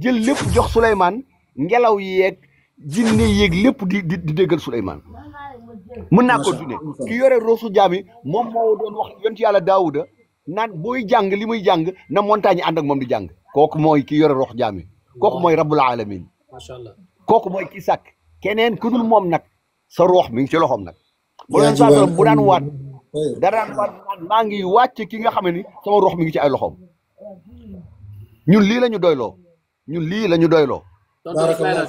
jël lepp jox sulayman ngelaw yeeg jinne yeeg lépp di di di déggal Souleymane mën naa continuer ki yore rosu jami mom mo doon wax yent yalla Daawuda naan boy jang li muy jàng na montagne and ak mom di jang Kok moy ki yore rox jami kooku moy rabbul alamin macha allah kooku mooy ki sak kenen ku dul moom nag sa rox mi ci loxom nak bu len sa bu dan wat da daan waat ngi wacc ki nga xamni sama rox mi ngi ci ay loxom ñun li lañu doylo ñun li lañu doylo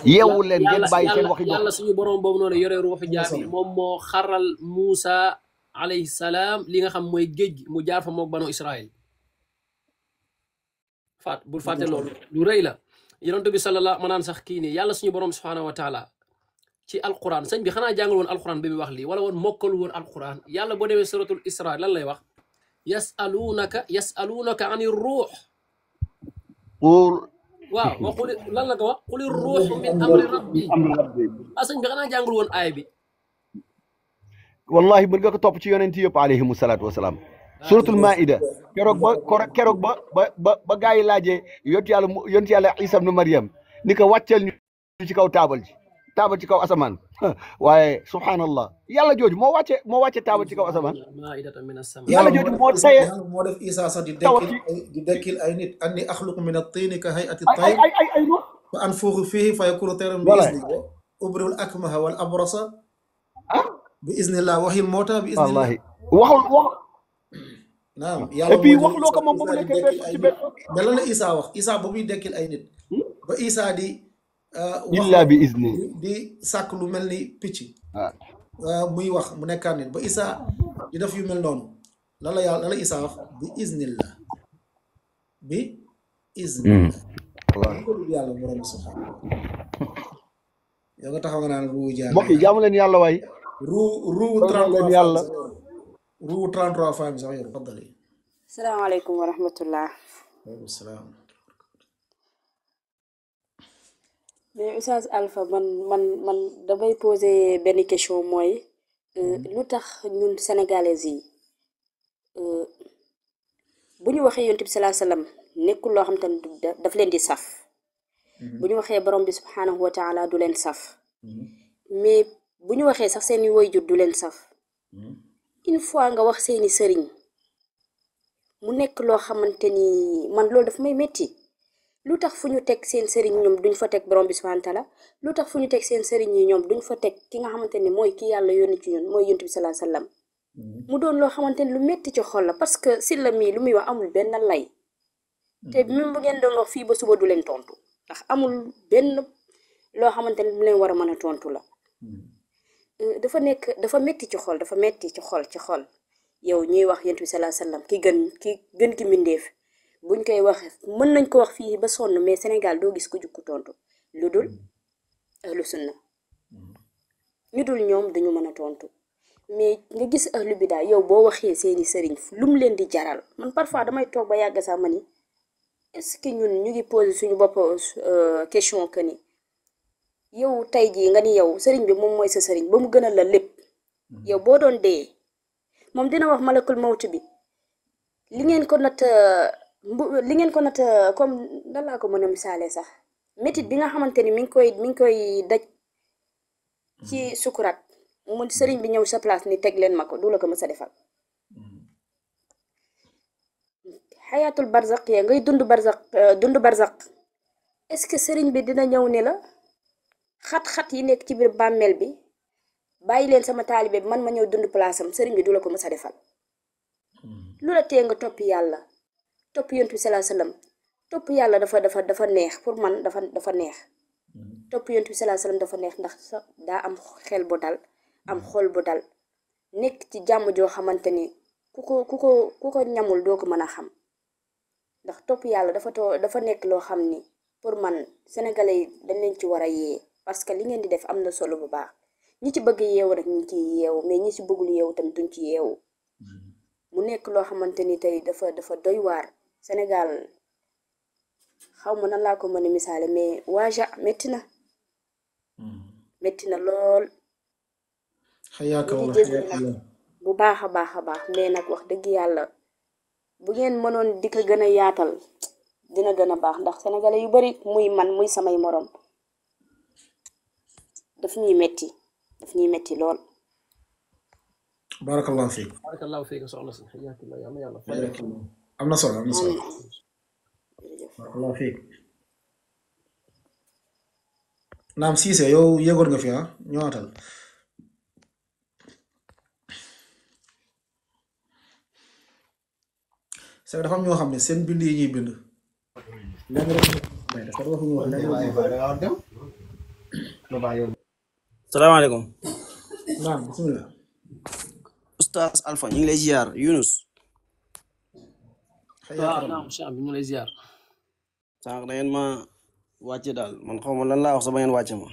yewu len ngeen bàyyi seen waxi yàlla suñu borom bobu non yore ruuxu jaam yi moom moo xaral musa alayhi salam li nga xam moy gej mu jaar fa mok banu Israël fat bu faté lool lu reey la yaronte bi sallallahu ma naan sax ki ni yàlla suñu borom subhanahu wa taala ci alquran señ bi xana jàngal won alquran bi mu wax li wala won mokal won alquran yalla bo dewe suratul isra lan lay wax yasalunaka yasalunaka anir ruh qul waaw wa xuli lan la ko wax xuli ruuxu min amri rabbi amri rabbi ah, sëñ bi xanaa jàngul woon aay bi wallahi mën nga ko topp ci yonent yëpp alayhimu salaatu wasalaam ah, suratul maida keroog ba keroog ba ba ba gaa yi laajee yonti yàlla yonti yàlla isa ibnu mariam ni ko wàcceel ñu ci kaw taabal ji taabal ci kaw asamaan waaye subhanallah yàlla jooju moo wàcce moo wàcce taawal ci kaw asamaan yàlla jooju moo taye moo def isa sax di dekkil di dekkil ay nit anni axluqu min at-tini ka hay'ati at-tayr ay ay ay fa anfukhu fihi fa yakunu tayran bi izni ubri'u al-akmaha wal abrasa bi iznillah waxil moota bi iznillah wallahi waxul wax naam yàlla et puis waxuloo ko moom ba mu nekkee ci benn dala la isa wax isa ba muy dekkil ay nit ba isa di Euh, illa bi izni di sàkk lu mel ni picc ah. euh, muy wax mu nekkaat ba isaa di def yu mel noonu la la yàlla la la isaa wax bi iznillah bi iznillah hmm. yàlla borom subhaanahu yow taxaw nga naan ruu jaar mbokk yi yàlla waay ruu ruu leen yàlla ruu sax yor faddal yi salaamaaleykum wa mais Oustaz Alpha man man man damay poser benn question mooy lu tax ñun sénégalais yi bu ñu waxee yonent bi salaa salaam nekkul loo xam te daf leen di saf bu ñu waxee borom bi subhaanahu wa taala du leen saf mais bu ñu waxee sax seeni waajur du leen saf une fois nga wax seeni sëriñ mu nekk loo xamante ni man loolu daf may metti lu tax fu ñu teg seen sëriñ ñoom duñ fa teg borom bi subhaana taala lu tax fu teg seen sëriñ yi ñoom duñ fa teg ki nga xamante ne mooy ki yàlla yónni ci ñun mooy yonent bi salaa sallam mm-hmm. mu doon loo xamante ne lu metti ci xol la parce que la mii lu muy wax amul benn lay mm-hmm. te même bu ngeen doon wax fii ba suba du leen tontu ndax amul benn loo xamante ne lu leen war a mën a tontu la mm-hmm. euh, dafa nekk dafa metti ci xol dafa metti ci xol ci xol yow ñuy wax yonent bi salaa sallam ki gën ki gën ki mbindeef ñu koy wax mën nañ ko wax fii ba sonn mais Sénégal doo gis ku jukku tontu lu dul mm. ahlu sunna mm. ñu dul ñoom dañu mën a tontu mais nga gis ahlu bidaa yow boo waxee seeni sëriñ lu mu leen di jaral man parfois damay toog ba yàgg sax ma ni est-ce que ñun ñu ngi posé suñu bopp euh, question que ni yow tey jii nga ni yow sëriñ bi moom mooy sa sëriñ ba mu gënal la lépp mm. yow boo doon dee moom dina wax ma mawt bi li ngeen ko natt li ngeen ko nat comme lan laa ko mën a misaalee sax métit bi nga xamante ni mi ngi koy mi ngi koy daj ci hmm. sukuraat mu sëriñ bi ñëw sa place ni teg leen ma ko du la ko mës a defal hmm. xayaatul barzaq ngay dund barzaq euh, dund barzaq est-ce que sëriñ bi dina ñëw ne la xat-xat yi nekk ci biir bàmmeel bi bàyyi leen sama taalibe bi man ma ñëw dund place am sëriñ bi du la ko mës a defal hmm. lu la tee nga topp yàlla top yonntu bi alayhi wasallam top yalla dafa dafa dafa neex pour man dafa dafa neex hmm. top yonntu bi alayhi wasallam dafa neex ndax da am xel bu dal am xol bu dal nek ci jamm jo xamanteni kuko kuko kuko ñamul doo ko xam ndax top yalla dafa dafa nek lo xamni pour man sénégalais dañ leen ci wara yé parce que li ngeen di def amna solo bu baax ñi ci bëgg yeewu rek ñi ci ciy mais ñi ci bëggul tam duñ ci hmm. mu nek lo xamanteni tay dafa dafa doy war Sénégal xaw ma na laa ko mën a misaale mais waaja metti na hmm. metti na lool bu baax a baax a baax mais nag wax dëgg yàlla bu ngeen mënoon di gën a yaatal dina gën a baax ndax sénégalais yu bari muy man muy samay morom daf ñuy metti daf ñuy metti lool barakallahu fiik barakallahu fiik soxna si am na solo am na solo naam Cissé yow yëgoon nga fi ah ñëwaatal c'est dafa ñoo xam ne seen bind yi ñuy bind léegi rek naam bismillah oustaz Alpha ñu ngi lay Yunus waaw naam bi ñu lay ziar. sànq ma wàcce daal man xaw ma lan laa wax sa ba ngeen wàcce ma.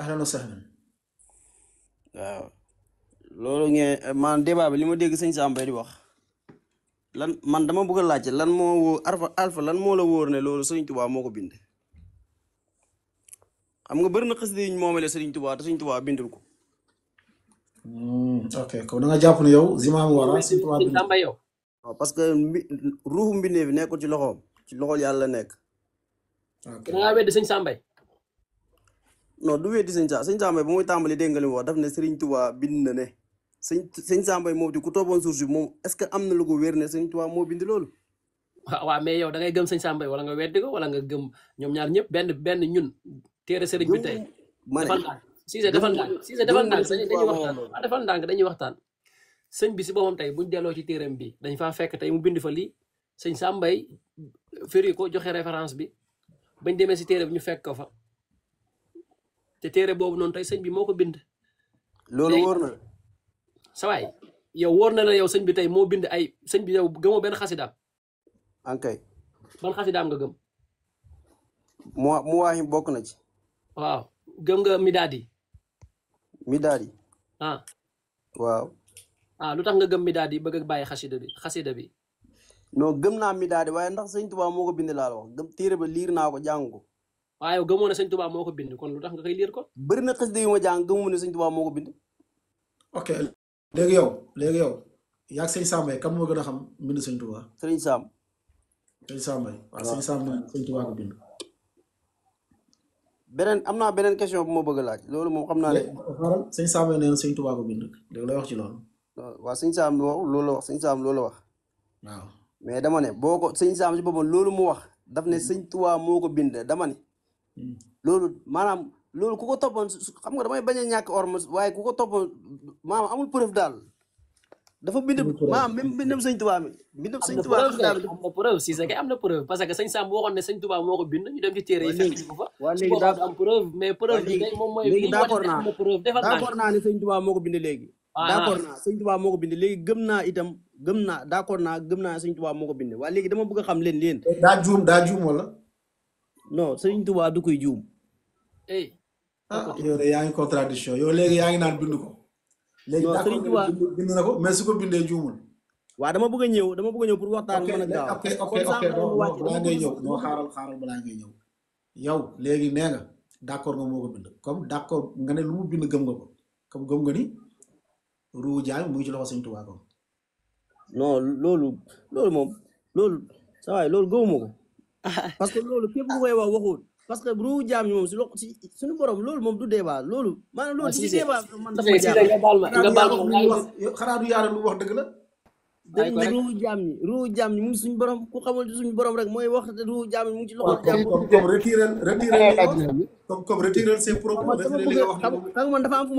ahlan wa sahlan. waaw loolu ngeen maanaam débat bi li ma dégg sëñ Samba di wax lan man dama bëgg a lan moo wóor alfa lan moo la wóor ne loolu sëñ Tuubaa moo ko bind. xam nga bëri na xasida yi ñu moomale sëñ Tuubaa te sëñ Tuubaa bindul ko. Hmm, ok jàpp ne yow. Zimam wara sëñ Tuubaa bind yow. waaw parce que ruuxu mbindeef bi nekkul ci loxoom ci loxol yàlla nekk. ok da ngaa sëñ Sambay. non du weddi sëñ Sambay sëñ Sambay ba muy tàmbali dégg nga li mu wax daf ne Serigne Touba bind na ne sëñ sëñ Sambay moo di ku tooboon suuf si moom est que am na lu ko wér ne sëñ Touba moo bind loolu. waaw waaw mais yow da ngay gëm sëñ Sambay wala nga weddi ko wala nga gëm ñoom ñaar ñëpp benn benn ñun. téere Serigne bi tey. ma ne defal ndànk Cissé defal ndànk Cissé defal ndànk dañuy dañuy waxtaan. sëñ bi si boppam tey ñu delloo ci téeram bi dañ faa fekk tey mu bind fa lii sëñ Sàmbay firi ko joxe référence bi bañ demee si téere bi ñu fekk ko fa te téere boobu noonu tey sëñ bi moo ko bind. loolu wóor na. sa waay yow woor na la yow sëñ bi tey moo bind ay sëñ bi yow gëmoo benn xasidaam. ankay. ban xasidaam nga gëm. mu mu waahim bokk na ci. waaw gëm nga midaadi. midaadi. ah. waaw. ah lu tax nga gëm midaad yi bëgg a bàyyi xasida bi xasida bi non gëm naa midaad yi waaye ndax sëñ Tuubaa moo ko bind laa la téere ba liir naa ko jàng ko waaye gëmoo ne sëñ moo ko bind kon lu tax nga ko bëri na xasida yu ma jàng gëmoo ko bind ok léegi yow léegi yow yaa gën a xam mbind sëñ Tuubaa sëñ Samb sëñ Sambay waaw sëñ am naa beneen question bëgg laaj loolu moom xam naa ne sëñ Sambay nee sëñ Tuubaa ko bind léegi lay wax ci loolu waa sëñ Saam wax loolu la wax sëñ Saam loolu la wax. waaw mais dama ne boo ko sëñ Saam si boppam loolu mu wax daf ne hmm. sëñ Tuubaa moo ko bind dama ne. Hmm. loolu maanaam loolu ku ko toppoon xam nga damay bañ a ñàkk waaye ku ko toppoon maanaam amul preuve daal. dafa na preuve si sax am na preuve parce moo ko bind ñu dem ci naa ne moo ko bind léegi Ah, ah. d'accord naa sëñ Tuubaa moo ko bind léegi gëm naa itam gëm naa d'accord naa gëm naa sëñ Tuubaa moo ko bind waaye léegi dama leen leen eh, daa juum daa juum wala non sëñ Tuubaa du koy eh. ah, yaa ngi contradiction yow léegi yaa ngi naan bind ko léegi sëñ Tuubaa bind na ko mais dama bëgg a dama bëgg a ñëw waxtaan mën a gaaw léegi nee nga d'accord nga moo ko bind comme d'accord nga ne lu mu bind gëm nga ko comme gëm nga ni ruujaay mu ngi ci loxo sëñ Tuubaa ko non loolu loolu moom loolu saa waay loolu gëwuma ko parce que loolu képp ku koy wax waxul parce que ruu jaam ñi moom si lo si suñu borom loolu moom du débat loolu maanaam loolu ah, si débat man dafa jaam nga baal ma nga baal ma xanaa du yaara lu wax dëgg la dañuy ruu jaam suñu borom ku xamul suñu borom rek mooy wax ruu jaam ñi mu ngi ci loxo jaam comme comme retirel retirel comme comme retirel ses propos retirel li nga da nga war a da nga a wax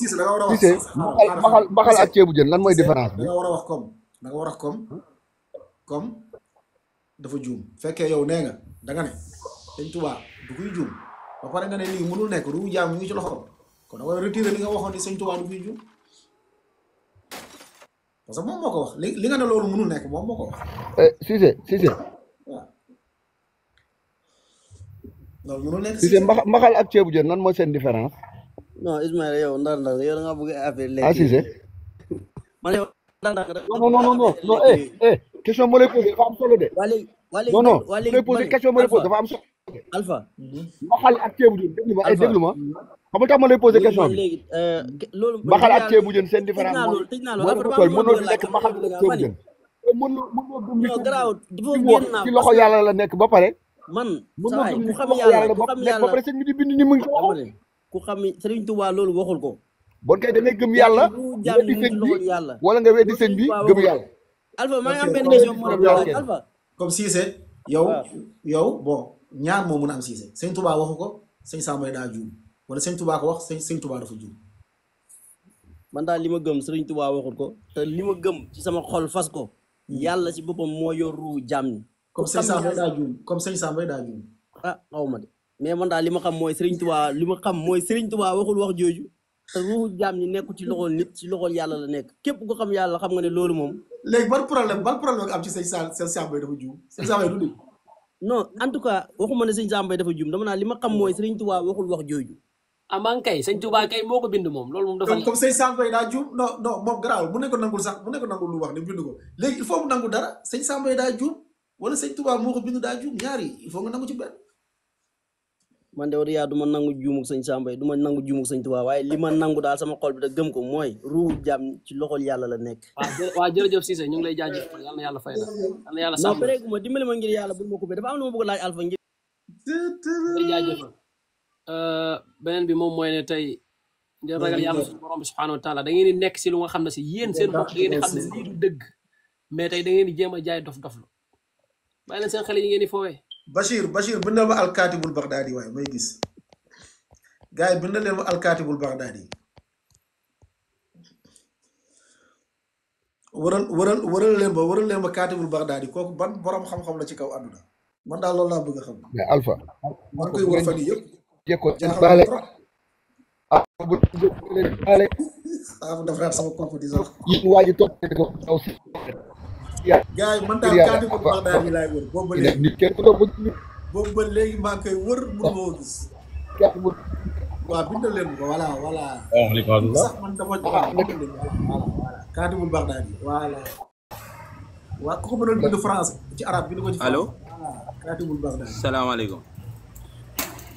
Cissé mbaxal lan mooy différence bi wax comme da nga war a dafa juum fekkee yow nee nga da ne dañ tubaab du koy juum ba pare nga ne lii mënul nekk ruu jaam ñu ngi ci loxo kon da nga retiré li ni sëñ Tuubaa parce que moom moo ko wax li li nga ne loolu mënul nekk moom moo ko wax. Euh, Cissé Cissé. waaw mbaxal ak ceebu jën nan mooy seen différence. non Ismaël yow ndar ndar yow da ngaa bëgg affaire léegi. ah Cissé. man yow ndar ndar non eh, eh, question moo lay posé dafa solo de. waa léegi waa léegi question moo lay posé dafa solo. Alpha. mbaxal ak ceebu jën xam nga tax ma lay posé question bi euh, loolu mbaxal ak ceebu jën seen différence moom mënoo di lekk mbaxal bi ak ceebu jën mënoo mënoo dund ci loxo yàlla la nekk ba pare man mënoo dund ci loxo yàlla la nekk ba pare sëñ bi di bind ni mu ngi ci ku xam Sëriñ Tuubaa loolu waxul ko bon kay da ngay gëm yàlla weddi sëñ bi wala nga weddi sëñ bi gëm yàlla alpha maa ngi am benn question mo alpha comme Cissé yow yow bon ñaar moo mën a am Cissé Sëñ Tuubaa waxu ko sëñ Samba daa juum wala sëñ Touba wax sëñ sëñ Touba dafa juum. man daal li ma gëm sëriñ Touba waxul ko te li ma gëm ci sama xol fas ko. yàlla si boppam moo yor ruu jaam ñi. comme sëñ Samba daa juum comme daa juum. ah ma de mais man daal li ma xam mooy sëriñ Touba li ma xam mooy sëriñ Touba waxul wax jooju. te ruuxu jaam ñi nekku ci loxol nit ci loxol yàlla la nekk képp ko xam yàlla xam nga ne loolu moom. léegi ban problème ban problème nga am ci sëñ sëñ Samba dafa juum sëñ Samba du non en tout cas waxuma ne sëñ Samba dafa juum dama li ma xam mooy sëriñ Touba waxul wax jooju. aman kay sëñ Touba kay moo ko bind moom loolu moom dafa donc comme sëñ Samba yi daa juum non non moom garaawul wax ne bind ko léegi il faut mu nangu dara sëñ Samba yi daa juum wala sëñ Touba moo ko bind daa juum ñaar yi il faut nga nangu ci benn man de wala yaa du ma nangu juumug sëñ Samba yi du ma nangu juumug sëñ Touba waaye li ma nangu daal sama xol bi da gëm ko mooy ruu jàmm ci loxol yàlla la nekk waaw jërëjëf Cissé ñu ngi lay jaajëfal yal na yàlla fay la yal na yàlla sàmm non pareegu ma dimbali ma ngir yàlla bu ma ko dafa am lu ma bëgg laaj Alpha ngir beneen bi moom mooy ne tey ngeen ragal yàlla suñu borom bi subhaanahu wa taala da ngeen di nekk si lu nga xam ne si yéen seen bopp da ngeen di xam ne lii du dëgg mais tey da ngeen di jéem a jaay dof-dof la bàyyi leen seen xel yi ngeen di foowee Bachir Bachir bind na ma alkaatibul baxdaadi waaye may gis gars yi bind na leen ma alkaatibul baxdaadi waral waral waral leen ba waral leen ba kaatibul baxdaadi kooku ban borom xam-xam la ci kaw àdduna man daal loolu laa bëgg a xam. mais Alpha. man koy war fan yii yëpp. je ko baale bu bu dafa sama kopp di sax yi waa ji topp ko taw si gaay man daal wër léegi bu boobu ba maa ngi koy wër mun moo gis kenn bu waaw bindal leen ko voilà voilà sax man dama waa ko mënoon bind français ci arab bind ko ci allo ah, kaddu bu baax daal salaamaaleykum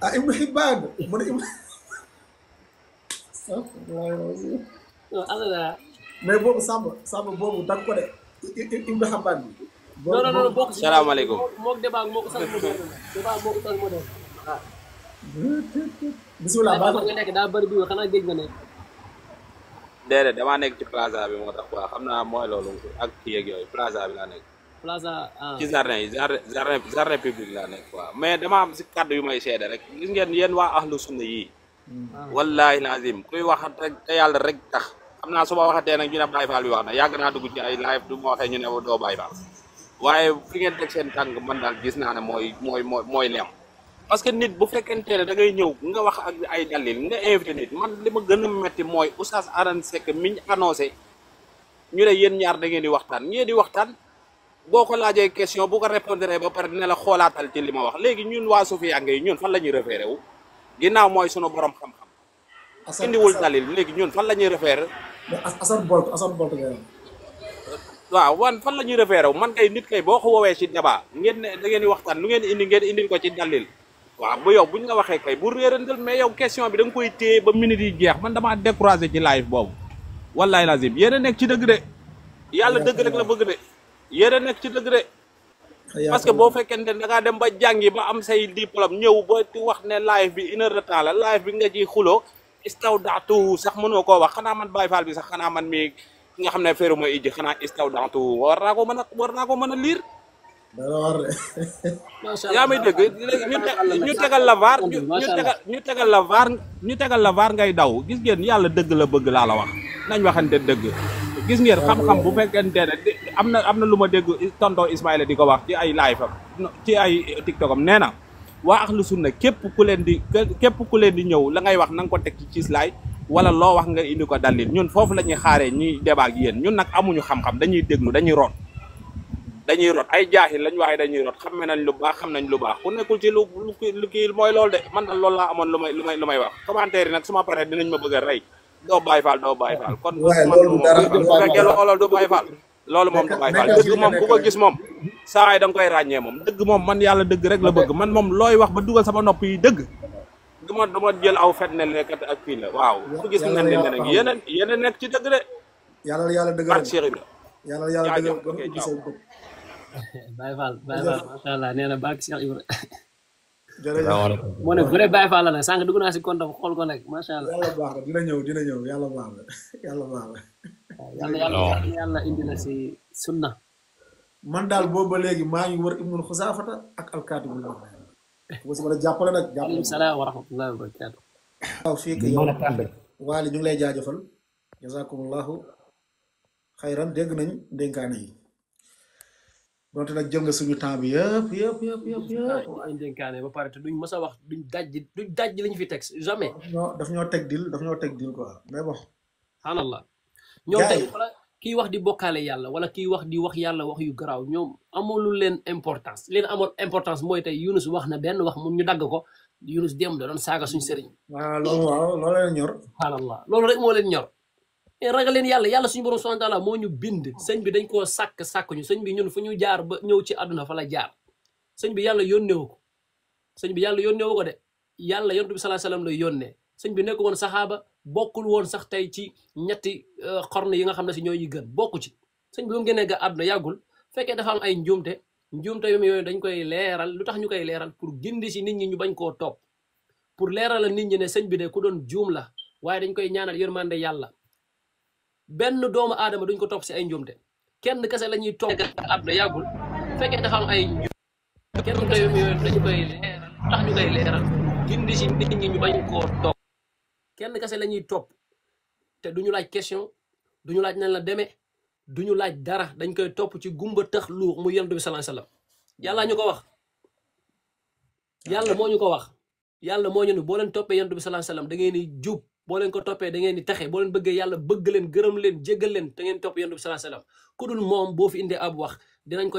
ah Ibnu Xibbaan ne Ibnu. mais boobu Samba Samba boobu da ko de Ibnu Xibbaan bi. non non non bokk salaamaaleykum mook débat moo ko sal mo débat moo ko sal mo def waaw bisimilah baax nga nekk daa bëri bi xanaa géej nga nekk damaa nekk ci plaza bi moo tax quoi xam naa mooy loolu ak kii yeeg yooyu plaza bi laa nekk plaza ah. ci jardin yi jardin jardin public laa nekk waaw mais dama am si kàddu yu may seede rek gis ngeen yéen waa ahlu sunna yii hmm. wallahi lazim kuy wax rek te yàlla rek tax xam naa su ma waxatee nag ñu ne Baye Fall bi wax na yàgg naa dugg ci ay live du ma waxee ñu ne doo Baye Fall waaye fi ngeen teg seen tànk man daal gis naa ne mooy mooy mooy mooy leem parce que nit bu fekkente ne da ngay ñëw nga wax ak ay dalil nga invité nit man li ma gën a metti mooy Oustaz Arane Seck miñ ñu ne yéen ñaar da ngeen di waxtaan ngeen di waxtaan boo ko laajee question bu ko répondre ba pare dina la xoolaatal ci li ma wax léegi ñun waa sufiyanke yi ñun fan la ñuy référé mooy sunu borom xam-xam. Assane indiwul dalil léegi ñun fan la ñuy référé. mais Assane Bolt Assane Bolt ngay waaw wan fan la ñuy référé wu man kay nit kay boo ko woowee ci débat ngeen ne da ngeen di waxtaan lu ngeen indi ngeen indil ko ci dalil. waaw bu yow buñ la waxee kay bu réerantal mais yow question bi da koy téye ba minute yi jeex man damaa découragé ci live boobu. wallaay lazim yéen a nekk ci dëgg yere nekk ci deug de parce que bo fekkente da nga dem ba jangi ba am say diplôme ñew ba di wax ne live bi une heure de live bi nga ci xulo istawdatu sax mëno ko wax xana man Baye Fall bi sax xana man mii ki nga xam ne féeru mooy ijji xanaa istaw daatu war naa ko mën a lavar, naa ko mën a liir yaa may lavar, ñu tegal la vaar ñu tegal la vaar ñu tegal la vaar ngay daw gis ngeen yàlla dëgg la bëgg la wax nañ waxante gis ngeen xam-xam bu ne am na am na lu ma dégg tonton Ismaïla di ko wax ci ay live am ci ay TikTok am nee na waa ahlu sunna képp ku leen di képp ku leen di ñëw la ngay wax na ko teg ci ciislaay wala loo wax nga indi ko dalil ñun foofu la ñuy xaaree ñuy débat ak yéen ñun nag amuñu xam-xam dañuy déglu dañuy root dañuy root ay jaaxil lañ waxee dañuy root xame nañ lu baax xam nañ lu baax ku nekkul ci lu lu kii mooy lool de man daal loolu laa amoon lu may lu may lu may wax commentaire yi nag su ma paree dinañ ma bëgg a rey doo bàyyi faal doo bàyyi faal loolu moom du Baay Faal dëgg moom ku ko gis moom saa yi da nga koy ràññee moom dëgg moom man yàlla dëgg rek la bëgg man moom looy wax ba dugal sama nopp yi dëgg du ma du ma jël aw fet ne nekkat ak kii la waaw ku gis ne ne nag yeneen yeneen nekk ci dëgg de yàlla la yàlla dëggal Cheikh Ibra yàlla la yàlla dëggal Baay Faal Baay Faal macha allah nee na baak Cheikh Ibra jërëjëf moo ne vrai Baye Fall la sànq dugg naa si kontam xool ko nag macha yàlla baax la dina ñëw dina ñëw yàlla baax la yàlla baax la. indi la si sunna. man daal boobu ba léegi maa ngi wër Ibnul Xusaafata ak alkaati bu ñu wax ma la jàppale nag. jàppale salaam wa rahmatullahi wa barakaatu. waaw ñu ngi lay jaajëfal. jazakumullahu xayran dégg nañ ndénkaane yi. donte nag jël nga suñu temps bi yëpp yëpp yëpp ay dénkaane ba pare te duñ mës a wax duñ dajji duñ dajji lañu fi teg jamais daf ñoo teg dil daf ñoo teg dil quoi mais bon subhanallah ñoom tey kii wax di bokkaale yàlla wala kii wax di wax yàlla wax yu garaaw ñoom amulu leen importance leen amoon importance mooy tey Yunus wax na benn wax moom ñu dagg ko Yunus dem da doon saaga suñu sëriñ waaw loolu waaw loolu leen ñor subhanallah loolu rek moo leen ñor Eh, ragal leen yalla yàlla suñu borom subhanahu wa taala moo ñu bind señ bi dañ ko sak sak ñu señ bi ñun fu ñu jaar ba ñew ci aduna fa la jaar señ bi yalla yonne wuko señ bi yalla yonne wuko de yalla yontu bi sallallahu alayhi wasallam lay yonne señ bi nekk won sahaba bokul won sax tay ci ñetti eh, xorn yi nga xamne ci ñoy yi gën bokku ci señ bi mu gene ga aduna yagul fekke dafa am ay njumte njumte yu yooyu dañ koy leral lutax tax ñu koy leeral pour gindi ci nit ñi ñu bañ ko top pour leral nit ñi ne señ bi de ku doon juum la waaye dañ koy ñaanal yermande yalla benn doomu aadama duñ ko topp si ay njuumte kenn kese la ñuy am ay kenn ko yooyu dañu koy leeral tax ñu koy leeral gindi ñu bañ koo la ñuy topp te duñu laaj question duñu laaj nan la demee duñu laaj dara dañ koy topp ci gumba tëx luux mu yonent bi sallallahu alayhi yàlla ñu ko wax yàlla moo ñu ko wax yàlla moo ñu ne boo leen toppee yonent bi sallallahu alayhi wasallam da ngeen di jub boleh len ko topé da ngeen ni taxé bo len bëggee yalla bëgg leen gërëm leen jégal leen te ngeen topp yonent bi alayhi wasallam ku dul mom bo fi ab wax dinañ ko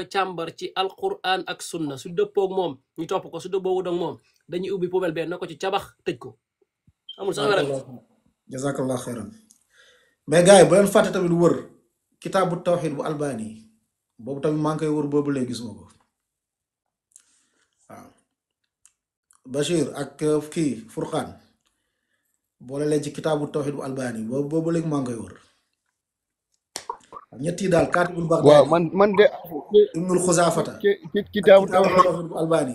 ci alquran ak sunna su dëppoog mom ñu top ko su dëppoogu dok mom dañuy ubi poubelle ben nako ci cabax tejj ko amul sax wala jazakallahu khairan mais gaay bo len faté tamit wër kitabut tawhid bu albani bobu tamit maa ngi wër bobu lay gis moko bashir ak euh, ki furqan boole ci kitabu tawhid albani bo bo leg ma ngay wër ñetti dal katibul baghdadi waaw man man de ibnul khuzafata kitabu tawhid albani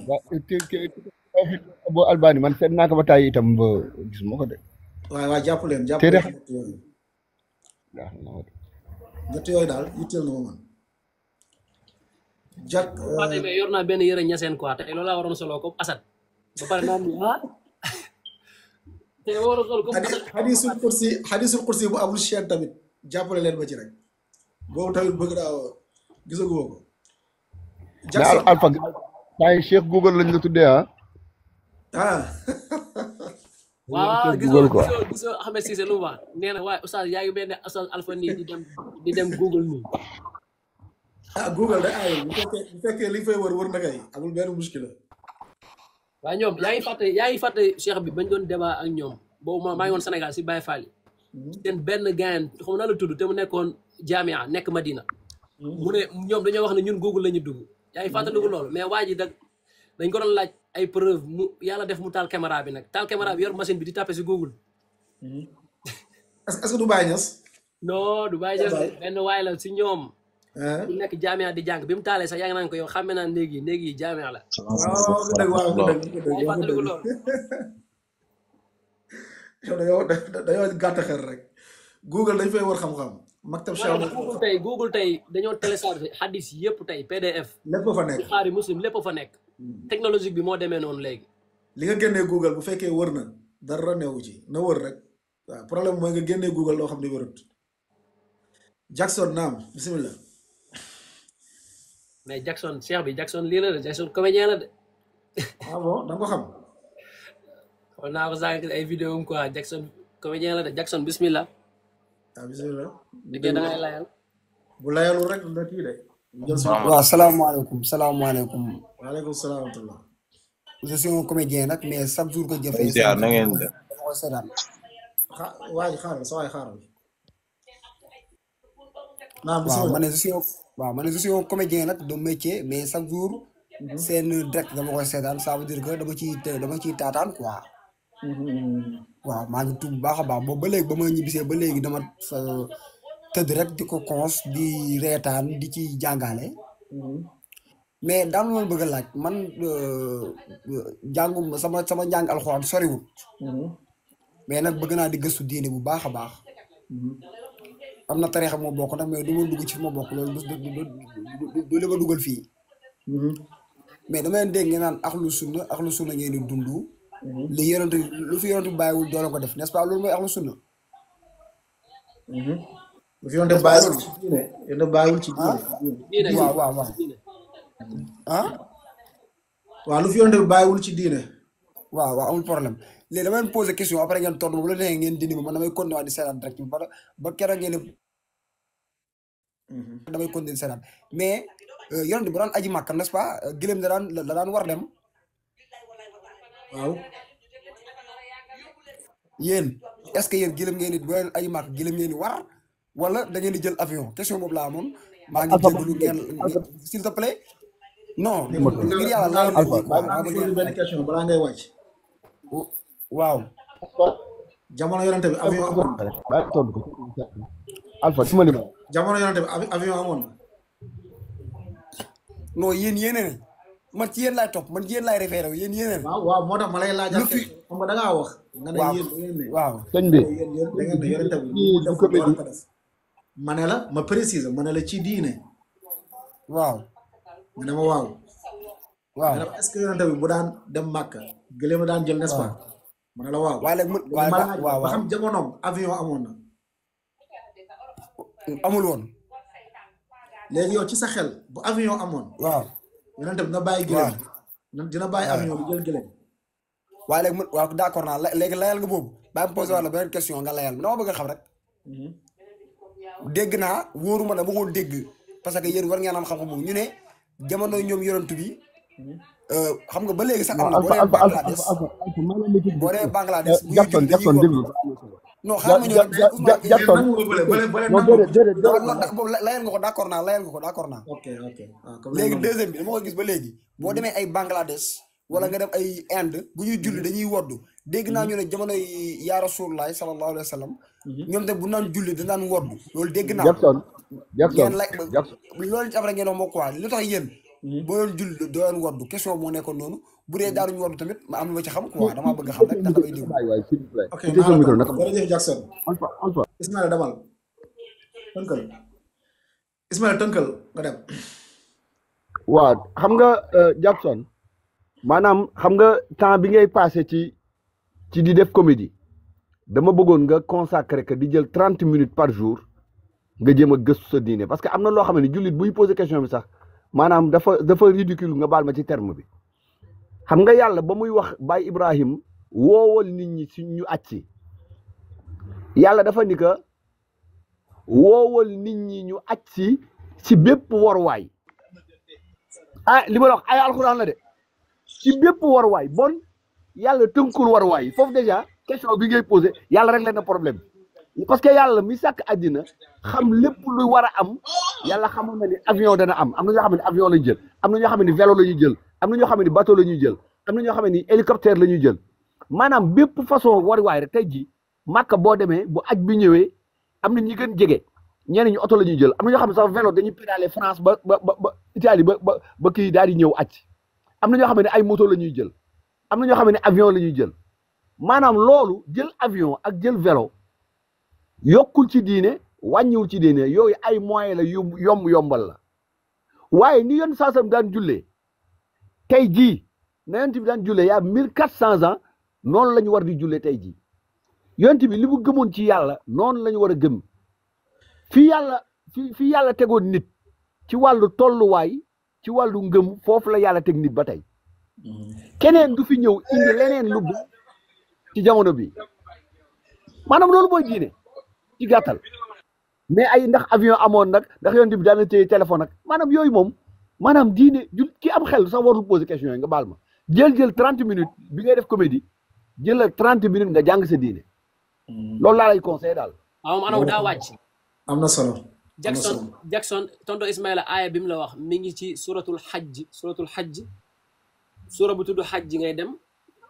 bo albani man sen naka tay itam ba gis mako de waaw waaw japp leen japp len ñetti yoy dal yitel na man jak fatima euh, yorna ben yere ñasen quoi tay lola waron solo ko asad ba pare nam ha te war a sol comme. bu amul chaîne tamit jàppale leen ma ci rek boobu tamit bëgg naa gisaguma ko. jaajëf mais Alpha Google lañ la tuddee ah. ah. waaw gisoo gisoo Ahmed Cissé lu mu wax nee waaye oustaz yaa ngi mel ne oustaz Alpha nii di dem Google nii. ah Google da aayul ah, bu fekkee na kay amul benn muskila. wa ñom yaay faté yaay faté cheikh bi bañ doon débat ak ñom bo ma maa ngi Sénégal si Baye Fall den hmm. ben benn xam na la tuddu té mu nekkoon Jamia nek Madina hmm. mu né ñom dañu wax né ñun Google lañu dugg yaay faté dugg lool mais waji dag dañ ko doon laaj ay preuve mu yalla def mu tal caméra bi nak tal caméra bi yor machine bi di taper ci Google hmm. est-ce que du Baye Niass non du Baye Niass ben way la si ñom di nekk jaamia di jàng bi mu taalee sax yaa ngi naan ko yow xàmme naa néegi néegi néeg yi jaamia la. Ah, waaw dëgg waaw rek Google dañ fay war xam-xam. maktab Cheikh Google tey Google tey dañoo téléchargé hadis yëpp tey PDF. lépp fa nekk lépp fa nekk. Hmm. technologie bi moo demee noonu léegi. li nga génnee Google bu fekkee wër na dara newu ci na wër rek problème mooy nga génnee Google loo xam ne wërut Jackson naam bisimilah. mais Jackson Cheikh bi Jackson lii la de Jackson comédien la de. ah bon da nga ko xam. xool naa ko sànq ay vidéo am quoi Jackson comédien la de Jackson bismillah. ah bismillah. liggéey da ngay layal. bu layalul rek dina kii de. waaw salaamaaleykum salaamaaleykum. waaleykum salaam wa rahmatulah. je suis un comédien nag mais chaque jour ko jëfee. jaajëf na ngeen def. waaye xaaral sa waay xaaral. naam bisimilah. waaw ma ne je suis waaw man je suis un comédien nag de métier mais chaque jour mhm. seen direct dama koy seetaan ça veut dire dama ciy dama ciy taataan quoi. Mhm. waaw maa ngi tuub bu baax a baax boobu ba léegi ba ma ñibbisee ba léegi dama euh, tëdd rek di ko cons di reetaan di ci jàngale. Mhm. mais daan loolu bëgg a laaj man euh, euh, jàngum sama sama njàng alxuraan mais nag bëgg naa di gëstu diine bu baax a baax. am na tarixa moo bokk na mais du ma dugg ci ma bokk loolu du du ma dugal fii. Mm-hmm. mais dama leen dégg ngeen naan axlu sunna axlu sunna ngeen di dund. Mm-hmm. li yonent lu fi yonent bàyyiwul doo la ko def n'est-ce pas loolu mooy axlu mm-hmm. lu fi yonent bàyyiwul ci diine yonent bàyyiwul ci diine. Ah? waaw waaw ah? waaw. lu fi yonent bàyyiwul ci diine. waaw waaw amul problème. léegi dama leen posé question après ngeen tontu bu la neexee ngeen dindi ma man damay continuer di seetaan direct ba ba keroog ngeen ne mm-hmm. damay continuer di mais euh, yonent bu daan aji màkk n'est-ce pas euh, gileem la daan dem waaw yéen est-ce que yéen gileem aji màkk gileem ngeen war wala da ngeen di jël avion question boobu laa amoon maa ngi jégalu ngeen s'il te plaît non ngir yàlla laa benn question balaa ngay wàcc waaw. jamono yonante bi avion amoon na. alpha jamono yonante bi avion amoon na. non yéen yéene nañ man ci yéen laay topp man yéen laay waaw moo tax ma lay laajal. lu fi xam nga ko ma ne la ma précise ma ne la ci diine. waaw. nga ne waaw. waaw est bu daan dem Màkka gëléem a daan jël nest mu ne la waaw. waaye nag mu waaw waaw ba xam jamonoom avion amoon na. amul woon. yow ci sa xel bu avion amoon. waaw yonent bi dina bàyyi. waaw gëlëm dina bàyyi avion bi jël gëlëm. waaye léegi mu léegi layal nga boobu baa ma posé wàll beneen question nga layal dama bëgg a xam rek. Mhm. dégg naa wóoruma ne ma ko dégg parce que yéen war ngeen am xam-xam ñu ne jamono ñoom yonent bi. Mhm. Euh, xam nga ba léegi sax am na boo dee Bangladesh boo dee Bangladesh Jackson Jackson déglu non xam nga ñëw Jackson non déedéet déedéet ah, boobu layal nga ko d'accord naa layal nga ko d'accord naa ok ok ah, léegi deuxième bi dama ko gis ba léegi boo demee ay Bangladesh wala nga dem ay Inde bu ñuy julli dañuy wodd dégg naa mhm. ñu ne jamono yi yaa Rasulullah sallallahu alayhi wa sallam mhm. ñoom tam bu naan julli dañ naan woddu loolu dégg naa Jackson Jackson loolu ci am rek ngeen wax moo lu tax yéen Hmm. boo doon julli doo doon question moo nekkoon noonu bu dee hmm. daanuñu waddu tamit ma am lu ma ci xam quoi hmm. damaa bëgg a xam rek ndax damay déglu. ok jërëjëf Jackson. Ismaila demal tënkal nga dem. waaw xam euh, Jackson maanaam xam nga temps bi ngay passé ci ci di def comédie dama bëggoon nga consacré que di jël trente minutes par jour nga jéem a gëstu sa diine parce que am na loo xam ne jullit buy posé question bi sax. maanaam dafa dafa ridicule nga baal ma ci terme bi xam nga yàlla ba muy wax Baye Ibrahim woowal nit ñi si ñu acci yàlla dafa ni ka woowal nit ñi ñu acci si bépp waruwaay ah li ma la wax ay alxuraan la de si bépp waruwaay bon yàlla tënkul waruwaay foofu déjà question bi ngay posé yàlla rek leen na problème parce que yàlla mi sàkk àddina xam lépp lu war a am yàlla xamoon na ni avion dana am am na ñoo xam ne avion lañu jël am na ñoo xam ne vélo la ñuy jël am na ñoo xam ne bateau la ñuy jël am na ñoo xam ne hélicoptère la ñuy jël maanaam bépp façon waruwaay rek tey jii màkka boo demee bu aj bi ñëwee am na ñi gën jege ñeneen ñi oto la ñuy jël am na ñoo xam ne sax vélo dañuy pédale France ba ba ba Italie ba ba ba kii daal di ñëw aj am na ñoo xam ne ay moto la ñuy jël am na ñoo xam ne avion la ñuy jël maanaam loolu jël avion ak jël vélo yokkul ci diine wàññiwul ci diine yooyu ay moyen la yomb yomb yombal la waaye ni yoon saasam daan jullee tey jii na yonent bi daan jullee yaa mille quatre cent ans noonu la ñu war di jullee tey jii yonent bi li mu gëmoon ci yàlla noonu la war a gëm fii yàlla fi fi yàlla tegoon nit ci wàllu tolluwaay ci wàllu ngëm foofu la yàlla teg nit ba tey keneen du fi ñëw indi leneen lu ci jamono bi maanaam loolu mooy diine ci gàttal mais ay ndax avion amoon nag ndax yoon bi daana téye téléphone nag maanaam yooyu moom maanaam diine ju ki am xel sax warul poser question yi nga baal ma jël jël trente minutes bi ngay def comédie jël la trente minutes nga jàng sa diine loolu laa lay conseillé daal. waaw maanaam daa wàcc. am na solo. Jackson Jackson tonto Ismaila aaya bi mu la wax mi ngi ci suratul xajj suratul xajj sura bu tudd xajj ngay dem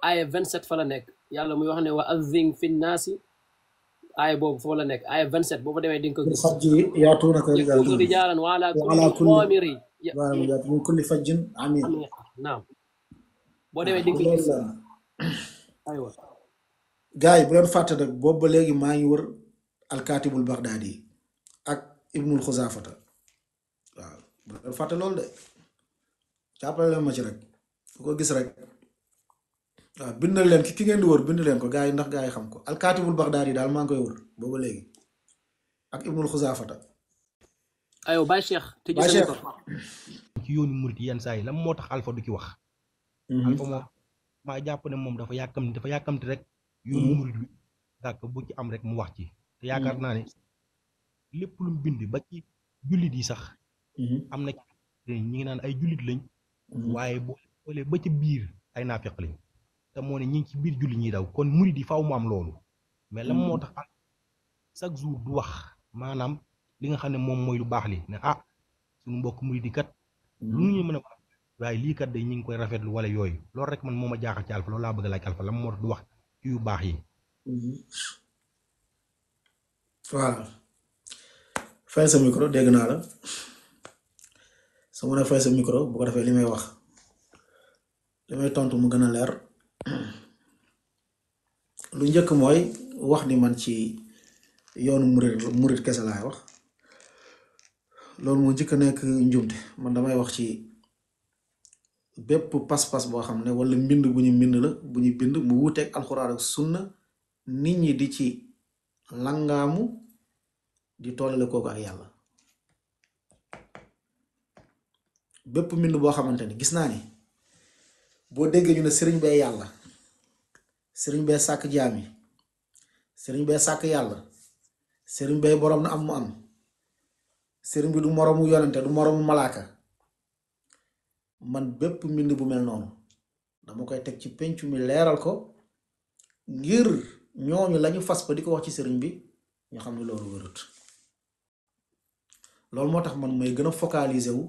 aaya vingt sept fa la nekk yàlla muy wax ne wa azin fi nnaasi aaya boobu foofu la nekk aaya 27 boo demee di ko gis fajji yaatuunaka rijaalan wa ala kulli aamiri min kulli fajjin amiq naam boo demee di nga ko gis aywa gars yi bu leen fàtte boobu ba léegi maa ngi wër alkaatibul baxdaadi ak ibnul xusaafata waaw bu leen fàtte loolu de jàppale leen ma ci rek fu ko gis rek waaw bind leen ki ki ngeen di wër bind leen ko gars yi ndax gars yi xam ko alkaatibul baxdaad yi daal maa ngi koy wër booba léegi ak ibnul xusaafata ayo Baye Cheikh te gisee ko ci yoonu murit yenn saa yi lan moo tax alpha du ci wax mhm. alpha moom maa jàpp ne moom dafa yàkkamti dafa yàkkamti rek yoonu mhm. murit bi dàkk bu ci am rek mu wax ci te yaakaar mhm. naa ne lépp lu mu bind ba ci jullit yi sax am na ci ñi ngi naan ay jullit lañ waaye boo xoolee ba ci biir ay naafiq lañ te moo ne ñi ngi ci biir julli ñuy daw kon murid yi faaw mu am loolu mais lan moo hmm. tax chaque jour du wax maanaam li nga xam ne moom mooy lu baax li ne ah suñu mbokk murid yi kat hmm. lu ñu a lii kat day ñu ngi koy rafetlu wala yooyu loolu rek man moo ma jaaxal ci alfa loolu laa du wax yu baax yi hmm. waaw fay sa micro dégg naa bu ko defee li may wax li may tontu mu gën a leer lu njëkk moy wax ni man ci yoonu murid murid kessa lay wax lool mo jikko nek njumte man damay wax ci bepp pas-pas bo xamne ne wala mbind buñu mbind la buñu bind mu ak alcorane ak sunna nit ñi di ci langamu di tollale kooku ak yalla bepp mbind bo xamanteni gis na ni bo déggee ñu na sëriñ bay yalla sëriñ bee sàkk jaam yi sëriñ bee sàkk yàlla sëriñ bee boroom na am mu am sëriñ bi du moroomu yonente du moroomu malaaka man bépp mbind bu mel noonu dama koy teg ci penc mi leeral ko ngir ñooñu lañu fas ba di ko wax ci sëriñ bi ñu xam ne loolu wërut loolu moo tax man may gën a focaliser wu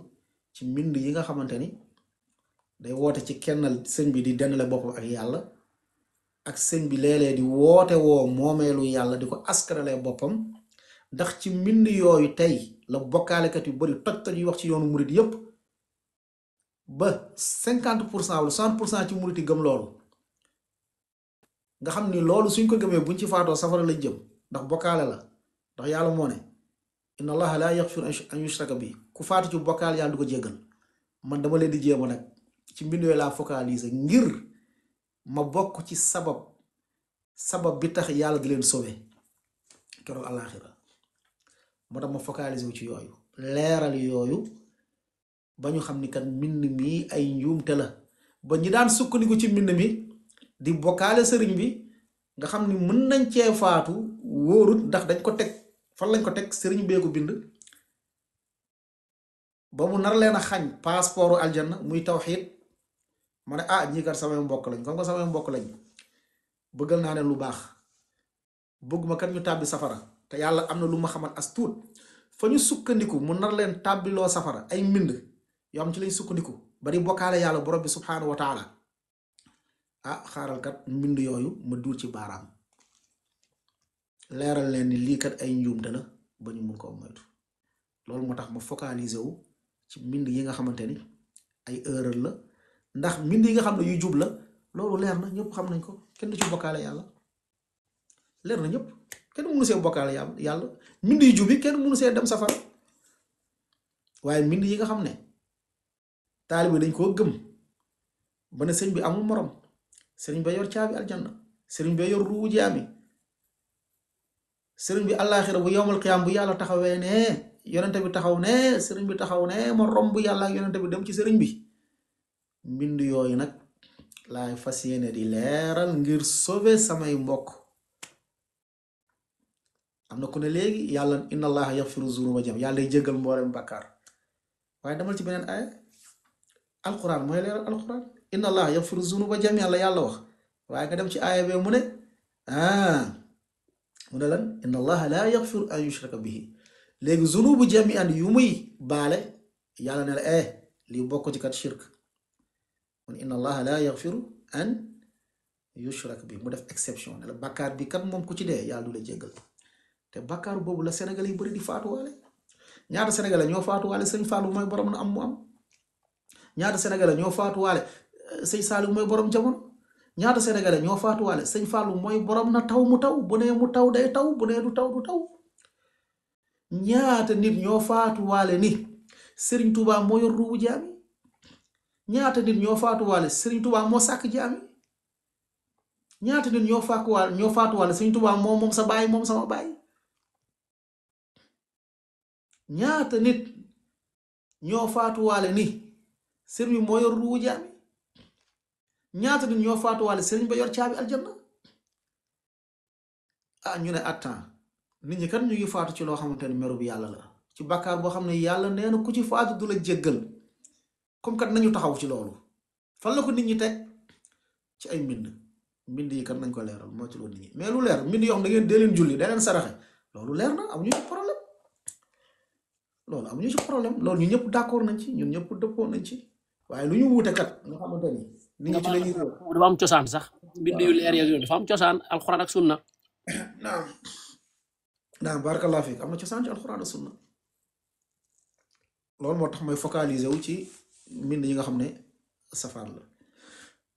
ci mbind yi nga xamante ni day woote ci kenn sëñ bi di dendale boppam ak yàlla ak sëñ bi léeg-léeg di woote woo moomeelu yàlla di ko askanalee boppam ndax ci mbind yooyu tey la bokkaalekat yu bari toj toj yu wax ci yoonu murit yépp ba cinquante pour cent wala soixante pour cent ci murit yi gëm loolu nga xam ni loolu suñ ko gëmee buñ ci faatoo safara lañ jëm ndax bokkaale la ndax yàlla moo ne inna allaha laa yaxfir an yushraka bi ku faatu ci bokkaal yàlla du ko jéggal man dama leen di jéema nag ci mbind yooyu laa focaliser ngir ma bokk ci sabab sabab bi tax yàlla di leen sauver keroog àllaaxira moo tax ma focaliser wu ci yooyu leeral yooyu ba ñu xam ni kat mbind mi ay njuumte la ba ñi daan sukkandiku ci mbind mi di bokkaale sëriñ bi nga xam ni mën nañ cee faatu wóorut ndax dañ ko teg fan lañ ko teg sëriñ bee ko bind ba mu nar leen a xañ passeport aljanna muy tawxiid ma ah ñii kat samay mbokk lañ comme que samay mbokk lañ bëggal naa ne lu baax bëggumakat kat ñu tàbbi safara te yàlla am na lu ma xamal as tuut fa ñu sukkandiku mu nar leen tàbbiloo safara ay mbind yoo xam ci lañ sukkandiku bari bokkaale yàlla borom bi subhaanahu wa taala ah mbind yooyu ma duur ci baaraam leeral leen ni liikat ay njuumte la ba ñu mun ko moytu loolu moo tax ma focaliser wu ci mbind yi nga xamante ni ay erreur la. ndax mbind yi nga xam ne yu jub la loolu leer na ñëpp xam nañ ko kenn du ci bokkaale yàlla leer na ñëpp kenn mënu see bokkaale yàlla yàlla mbind yu jub yi kenn mënu see dem safara waaye mbind yi nga xam ne taalibe dañ koo gëm ba ne sëñ bi amul morom sëriñ ba yor caabi aljanna sëriñ ba yor ruu jaami sëriñ bi àllaaxira bu yowmal qiyaam bu yàlla taxawee ne yonente bi taxaw ne sëriñ bi taxaw ne ma romb yàlla ak yonente bi dem ci sëriñ bi mbind yooyu nag laay fas yéene di leeral ngir sauver samay mbokk am na ku ne léegi yàlla inna allaha yaxfiru zunuba jam yàlla day jéggal bàkkaar waaye demal ci beneen aaya alquran mooy leeral alquran yàlla wax waaye nga dem ci aaya bee mu ne ah mu ne lan inna allaha laa yaxfiru an yushraka bihi léegi zunubu jami an yu muy baale yàlla ne la eh lii bokk ci kat shirk kon inna allaha la yaxfiru an yushrak bi mu def exception ne la bàkkaar bi kat moom ku ci dee yàlla du la jéggal te bàkkaar boobu la Sénégal yi bëri di faatuwaale ñaata Sénégal ñoo faatuwaale sëñ Fallou mooy borom na am mu am ñaata Sénégal ñoo faatuwaale sëñ Saliou mooy borom jamono ñaata sénégalais ñoo faatuwaale sëñ Fallou mooy borom na taw mu taw bu mu taw day taw bu nee taw du taw ñoo faatuwaale ni Serigne Touba moo yor ruubu jaami ñaata nit ñoo faatuwaale Serigne Touba moo sakk jaam yi ñaata nit ñoo faatuwaale ñoo faatuwaale moom sa baay moom sama baay ñaata nit ñoo faatuwaale ni Serigne bi moo yor ruuwu jaam ñaata nit ñoo faatuwaale Serigne ba yor caabi aljanna ah ñu ne attan nit ñi kat ñu ngi faatu ci loo xamante ne meru yàlla la ci bakkaar boo xam ne yàlla nee ku ci faatu du la jéggal. comme kat nañu taxaw ci loolu fan la ko nit ñi teg ci ay mbind mbind yi kan nañ ko leeral moo ci loolu mais lu leer mbind da ngeen dee leen julli dee loolu leer na amuñu ci problème loolu ci problème loolu ñu ñëpp d'accord nañ ci ñun ñëpp dëppoo nañ ci waaye lu ñu wuute kat nga xamante ni nit am cosaan sax dafa am cosaan alxuraan ak sunna naam naam barakallah fiik am na cosaan ci alxuraan ak sunna loolu moo tax may focaliser wu ci mbind yi nga xam ne safaan la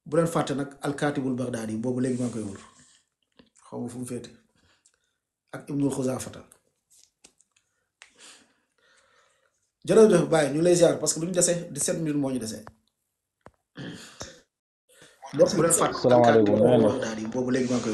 bu leen fàtte nag alkaatibul bagdaadi boobu léegi maa koy wër xaw ma fu mu féete ak ibnul xuzaafata jërëjëf Baye ñu lay ziar parce que lu ñu dese 17 minutes moo ñu dese. donc bu leen fàtte alkaatibul bagdaadi boobu léegi maa koy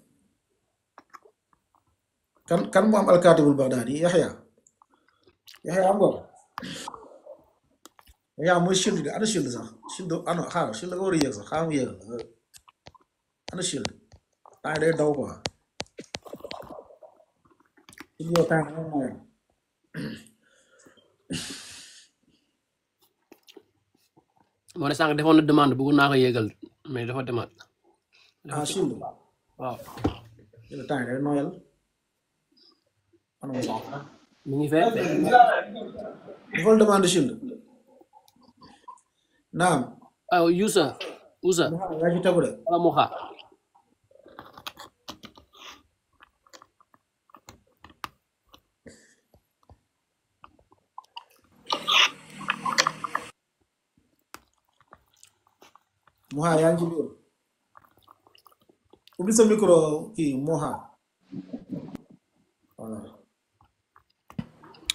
kan kan mu am alkaatibul bagdaadi yaxya yaxya am nga ko mooy shield de ana shield sax shield ana xaaral shield nga war a daw quoi shield moo ne sànq defoon na demande bëggoon naa ko yéegal mais dafa demaat ah shield waaw yow temps mi ngi fee defal demande shield naam Moha yaa ngi ci micro Moha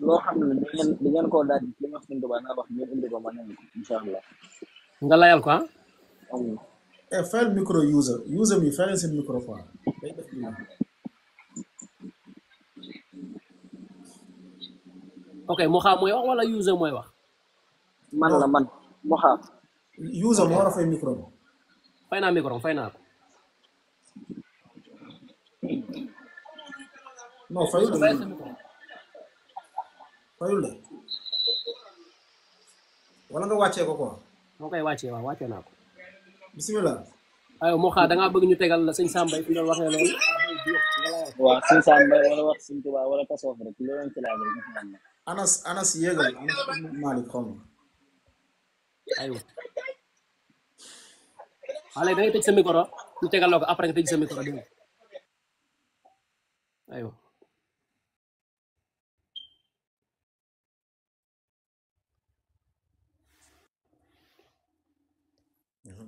loo xam ne da ngeen da ngeen koo daal di li ma sëñ Tuubaa naa wax ngeen indi ko ma ne incha allah. nga layal ko ah. am na. Eh, fayal micro user user mi fayal seen micro quoi. ok mu xaar mooy wax wala user mooy wax. man la man mu xaar. user moo war a fay micro bi. fay naa micro fay naa ko. non fayul. fayul wala nga wàccee ko quoi moo koy wàccee waaw wàccee naa ko bisimilah ayo moxa da nga bëgg ñu tégal la sëñ sambay fi doon waxé lool. Wa Seigne sambay wala wax Seigne Touba wala ta tasoof rek loon ci laa bëgg anas anas yéegal anas malik xam Ayo. xale da ngay tëj sa micro ñu tégal la après nga tej sa micro dégg Ayo.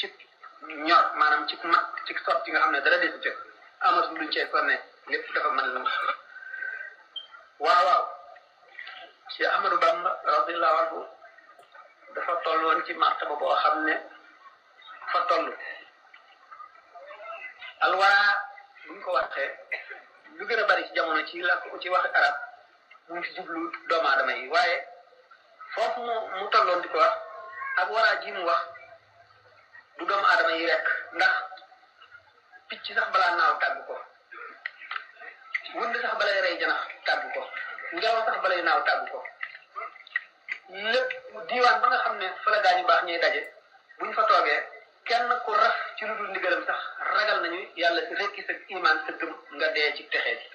ci ñor maanaam ci mag ci sot yi nga xam ne dara desu ca amatul luñ cee sonne lépp dafa mën la waaw waaw ci Ahmadu Bamba radiyallahu anhu dafa toll woon ci martaba boo xam ne fa toll alwaraa buñ ko waxee lu gën a bari ci jamono ci làkk ci waxi arab mu ngi ci jublu doomu aadama yi waaye foofu mu mu tolloon di ko wax ak waraa ji mu wax du doomu aadama yi rek ndax picc sax balaa naaw tàgg ko wund sax balay rey janax tàgg ko ngelaw sax balay naaw tàgg ko lépp diiwaan ba a xam ne fa la gaa baax ñuy daje buñ fa toogee kenn ko raf ci lu dul sax ragal nañu yàlla rekki sa imaan sa gëm nga dee ci texee ji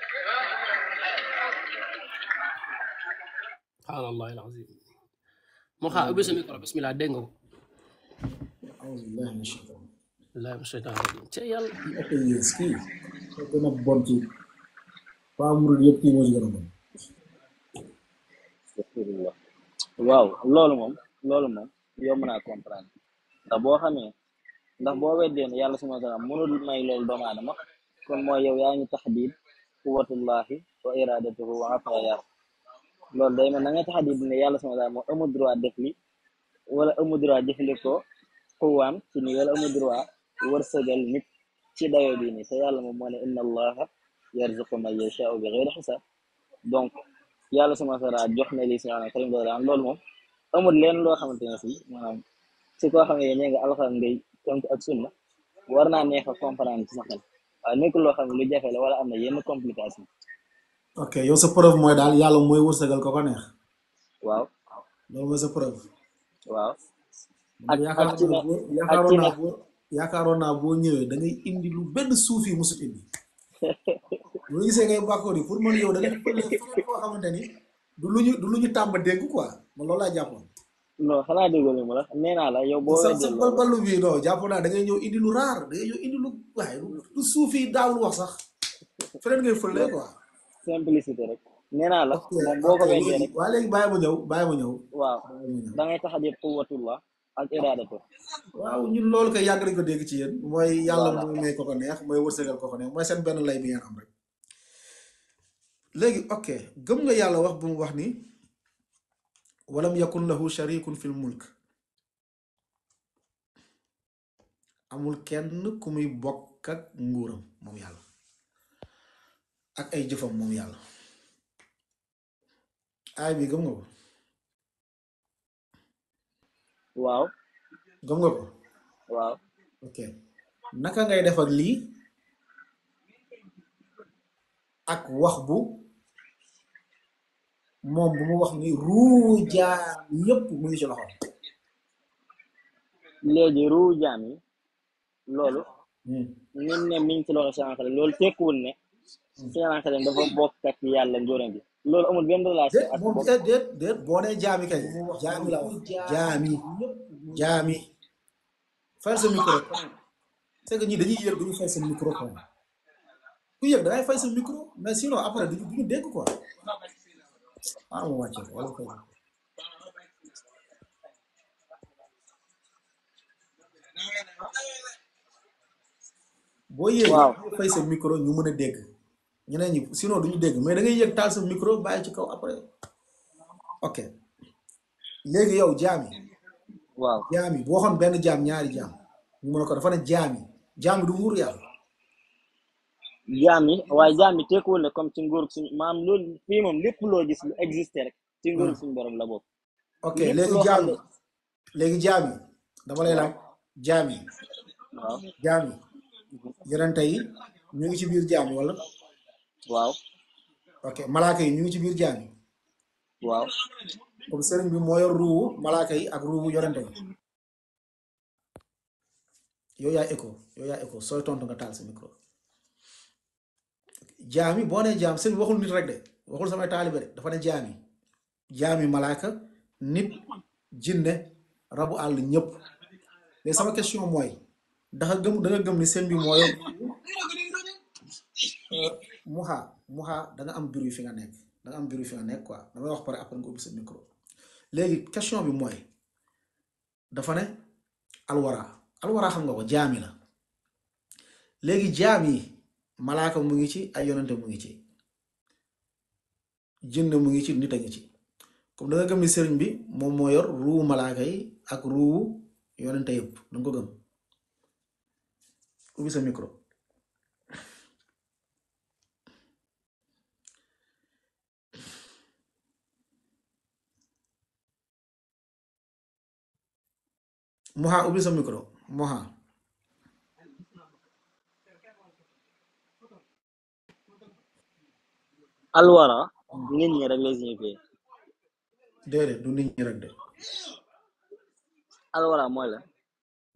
subhaanallahi mu xaa bismillah dégg wallaahi mu seytaan rajim a bon moo waaw loolu moom loolu moom yow mën naa comprendre ndax boo xamee ndax boo weddeen yàlla suma wa taala mënul may loolu doomu aadama kon mooy yow yaa ngi taxdiid quwwatullaahi wa iraadatuhu wa afaa loolu day mel na taxdiid ne yàlla subhaanahu wa taala moo amul wala amul droit jëfandikoo xuwaam ci niwel amu droit wërsëgal nit ci dayo bi ni te yàlla moom moo ne inna allaha yarzuqu man yashaau bi xeyri xisaab donc yàlla suma sara jox na li subhaanahu karim daan moom amul leen loo xamante ne fii maanaam ci koo xam ne nee nga alxuraan ngay tënk ak sunna war naa neex a comprendre ci sa xel loo xam ne lu jafe la wala am na yenn complication ok yow sa preuve mooy daal yàlla mooy wërsëgal ko ko neex waaw loolu mooy preuve waaw ak ak ci yaakaaroon naa boo naa boo ñëwee da indi lu benn suuf yi mosut indi. bu ñu gisee yi pour man yow da nga def du lu ñu du lu ñu tàmb dégg quoi man loolu laa jàppoon. non xanaa déggoo li mu la nee naa la yow boo. sa sa balbalu bi non ñëw indi lu raar lu suuf yi daawul wax sax feneen ngay rek. nee naa la moom boo ko weesee rek. a ak iraada ko waaw ñun loolu koy yàgg nañ ko dégg ci yéen mooy yàlla mooy may ko ko neex mooy wërsëgal ko ko benn lay bi ngeen am rek léegi ok gëm nga yàlla wax bu mu wax ni walam yakun lahu sharikun fil mulk amul kenn ku muy bokk ak nguuram moom yàlla ak ay jëfam moom yàlla aay bi gëm nga ko waaw. gëm ngay defar lii ak wax bu moom bu mu wax ni ruujaa yépp mu ngi ci loxo. léegi ruujaa mi loolu. Hmm. ñun ne mi ngi ci loxo sànq loolu tekkiwul ne. Seydina Xadim dafa bokk ak yàlla njóoram bi loolu amul benn relation ak boo nee jaami kay jaami jaami fay sa micro c'est que ñii dañuy yëg duñu fay seen micro quoi ku yëg dangay fay sa micro mais sinon après duñu duñu dégg quoi ah, waaw ma wàcce fay sa micro ñu mën a dégg ñeneen ñi sinon duñu dégg mais da ngay yëg taal baay ci kaw après ok léegi yow jaami waaw jaami bu waxoon benn jaam ñaari jaam ñu mën ko dafa ne jaami jaami du nguur yàlla jaam yi waaye jaam ci nguur suñu maam loolu fii moom lépp lool gis lu existé rek ci nguur hmm. suñu borom la boobu ok léegi jaam léegi jaam dama lay laaj jaam yi waaw hmm. ñu ngi ci biir jaam wala waaw. ok malaaka yi ñu ngi ci biir jaam yi. waaw. comme sëriñ bi moo yor malaaka yi ak ruuwu yorante yi. yow yaa écho yow yaa sooy tontu nga taal sa micro. jaam boo nee jaam sëriñ waxul nit rek de waxul samay taalibe de dafa ne jaam yi. jaam yi malaaka nit jinne rabu àll ñëpp mais sama question mooy dafa gëm ni sëriñ bi moo Mouha Mouha da nga am bureau fi nga nekk da nga am bureau fi nga nekk quoi damay wax pare après nga ubbi sa micro léegi question bi mooy dafa ne alwara alwara xam nga ko jaami la léegi jaam yi malaaka mu ngi ci ay yonante mu ngi ci jinn mu ngi ci nit a ngi ci comme da nga gëm ni sëriñ bi moom moo yor ruu malaaka yi ak ruu yonante yëpp da nga ko gëm ubbi sa micro Moha ubbi sa micro Moha. Alwara. Oh. nit ñi rek lay signifié. déedéet du nit de. Alwara mooy la.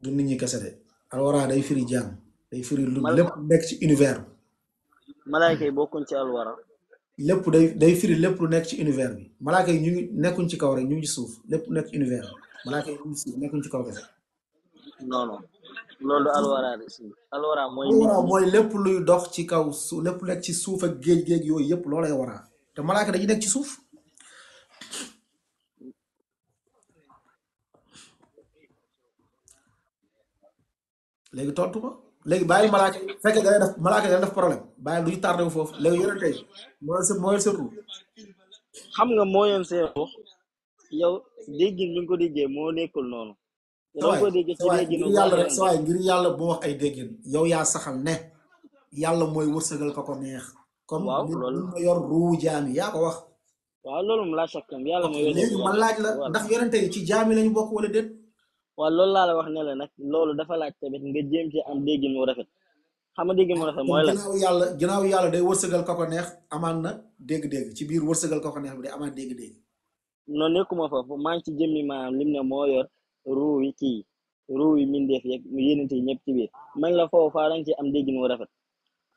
du de. Alwara day firi jaam. day firi lu lépp ci univers bi. malaayka ci Alwara. lépp day day firi lépp lu nekk ci univers bi. malaayka yi ñu ngi nekkuñ ci kaw rek ñu ngi ci suuf malaaka yi si nekkuñ ci kaw kese non non loolu alwara si alwara mooy lépp luy dox ci kaw su lépp nekk ci suuf ak géej-géej yooyu yëpp loolay wara te malaaka dañuy nekk ci suuf léegi tontu ko léegi bàyyi malaaka yi fekk da def malaaka da def problème bàyyi lu ñu tardé foofu léegi yonente yi mooy seen mooy seen ruux xam nga moo yoon seen yow déggin bi ko déggee moo nekkul noonu. waaye waaye ngir rek sa waay ngir yàlla bu wax ay déggin yow yaa saxal ne yàlla mooy wërsëgal ka ko neex. comme loolu yor ruu jaami yaa ko wax. waaw loolu laa soxla yàlla mooy. laaj la ndax yonente yi ci jaami lañu bokk wala déet. waaw loolu laa la wax ne la nag loolu dafa laaj tamit nga jéem ci am déggin mu rafet. xam nga déggin mu rafet mooy la ginnaaw yàlla ginnaaw yàlla day wërsëgal ka ko neex amaan na dégg-dégg ci biir wërsëgal ka ko neex bi de amaan dégg-dégg. no nekkuma foofu maa ngi ci jëmmi maanaam lim ne moo yor ruu yi kii ruu yi mindeef yeeg yénente yi ñëpp ci la foofu faa dañ am déggin wu rafet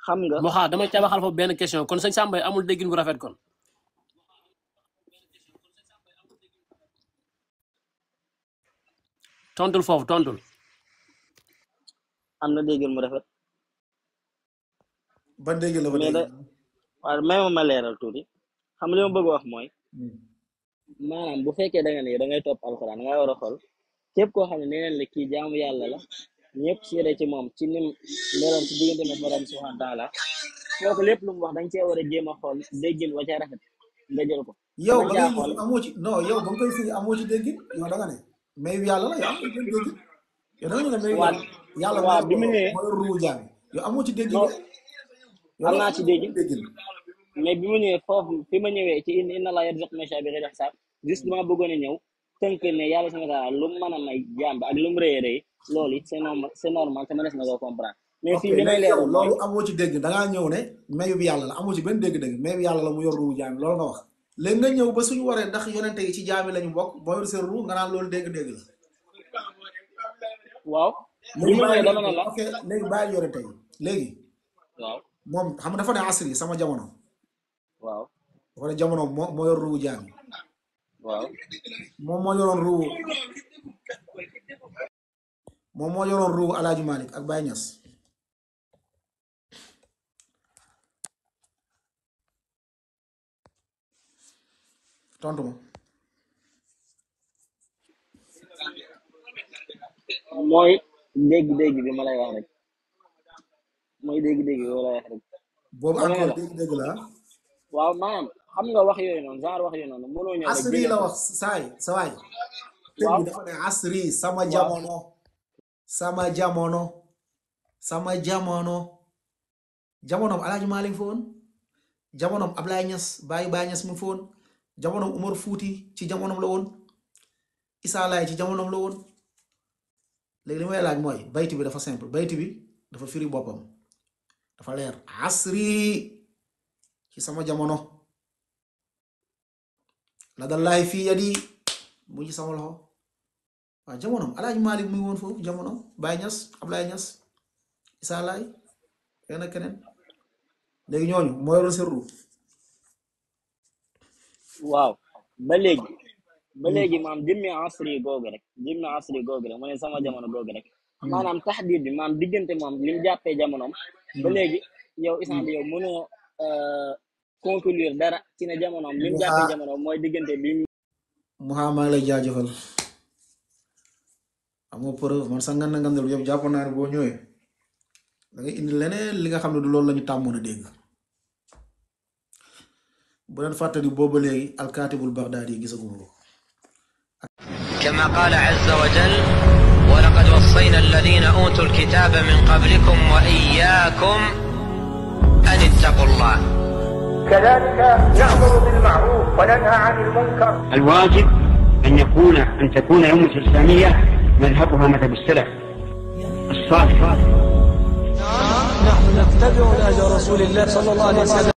xam nga moo dama ca waxal foofu benn question kon sëñ Samba amul déggin wu rafet kon tontul foofu tontul am na déggin mu rafet ban déggin la fa dégg waaw may ma ma leeral xam li ma wax mooy hmm. maanaam bu fekkee da nga ne da ngay top alxuraan da ngay war xool képp koo xam ne neneen la kii jaamu yàlla la ñëpp seede ci moom ci nim meloon ci diggante ma borom subhanahu wa taala kooku lépp lu mu wax da nga cee war a jéem a xool déggin wa ca rafet nga ko. yow ba ngay xool amoo ci ci déggin yow da nga ne mayu bi mu ne ruu ci déggin am naa ci déggin mais bi mu ñëwee foofu fi ma ñëwee ci inna allah yarzuqu man yashaa bi juste dama bëggoon a ñëw tënk ne yàlla subhaanahu wa taala lu mu a may jàmb ak lu mu rëy rëy loolu it normal c'est normal te mënees na koo comprendre loolu amoo ci dégg da ñëw ne mayu bi yàlla la amoo ci benn dégg-dégg mayu bi yàlla la mu yor ruu jaami loolu nga wax léegi nga ñëw ba suñu waree ndax yonente yi ci jaami lañu bokk moo yor seen ruu nga naan loolu dégg-dégg la waaw li ma ne léegi bàyyi yonente yi léegi waaw moom xam dafa ne asri sama jamono waaw dafa ne jamono moo moo yor ruu jaami waaw moom moo yoroon ruu moom moo yoroon ruu Alaaji Malick ak Baye Niass tontu ma mooy dégg-dégg bi ma lay wax rek mooy dégg-dégg bi ma lay wax rek boobu la waaw maanaam xam nga wax yooyu noonu genre wax yooyu noonu mënoo ñëw asri la wax saay saay asri sama jamono sama jamono sama jamono Jamono alhaji malik foon jamono ablaye ñas baye baye ñas mu foon jamono umar fuuti ci jamono la woon isa lay ci jamono la woon léegi li may laaj mooy bayti bi dafa simple bayti bi dafa firi boppam dafa leer asri ci sama jamono la dallaahi fii yadi mu ngi sama loxo waaw jamonoom alaaj Malik muy woon foofu jamonoom Baye Niass Ablaye Niass Issa Laye keneen ak ñooñu moo yoroon seen ruuf waaw ba léegi ba hmm. léegi maam jëmmi asri googu rek jëmmi asri googu rek mu ne sama jamono googu rek hmm. maanaam taxdiid bi maam diggante moom li mu jàppee jamonoom hmm. yow isaan yow mënoo euh, conclure dara ci ne jamonoom li mu jàppee jamonoom mooy diggante bi mu. Mouhamad lay jaajëfal amoo preuve man sa ngan ngandal yëpp jàpp naa ne boo da ngay indi leneen li nga xam du loolu la ñu tàmmoon a dégg bu leen fàttali booba léegi alkaatibul bagdaadi gisaguma ko. كما قال عز وجل ولقد وصينا الذين أوتوا الكتاب من قبلكم وإياكم أن اتقوا الله كذلك نأمر بالمعروف وننهى عن المنكر الواجب أن يكون أن تكون الأمة الإسلامية مذهبها مذهب السلف الصالح نحن نتبع الأجر رسول الله صلى الله عليه وسلم